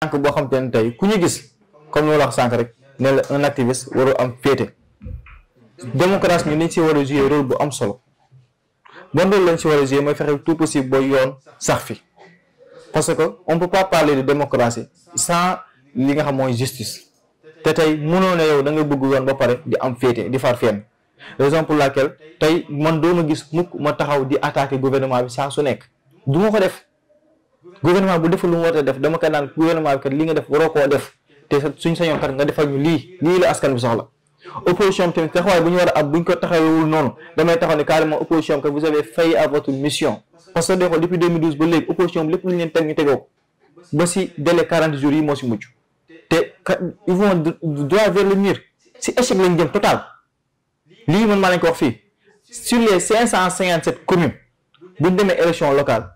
tànk boo xam te ne tey ku ñu gis comme loolu wax sànq rek ne la un activiste waroo am féete démocratie ñu niñ si war a jouer bu am solo bon rôle lañ si war a jouer mooy fexe tout possible ba yoon sax fi parce que on peut pas parler de démocratie sans li nga xam mooy justice te tey mënoo ne yow da nga bëgg yoon ba pare di am féete di far fenn raison pour laquelle tey man doo ma gis mukk ma taxaw di attaquer gouvernement bi saa su nekk du gouvernement bu defu lu mu war a def dama koy naan gouvernement bi kat li nga def waroo koo def te suñ sañoon kat nga defal ñu lii lii la askan bi soxla opposition tamit taxawaay bu ñu war a am bu ñu ko taxawewul noonu damay taxaw ne carrément opposition que mission parce que dee xool depuis 2012 ba léegi opposition bi lépp lu ñu teg ñu tegoo ba si délai 40 jours yi moo si mujj te ils vont droit vers le mur si échec lañ jëm total lii man maa lañ ko wax fii sur les 557 communes bu ñu demee élection locale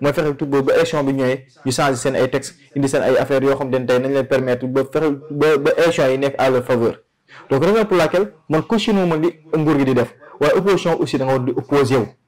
mooy fexe ba ba élection bi ñëwee ñu changé seen ay texte indi seen ay affaire yoo xam ne tey nañ leen permettre ba fexe ba ba élection yi nekk à leur faveur donc raison pour laquelle man cautionné man li nguur gi di def waaye opposition aussi da nga war di opposé wu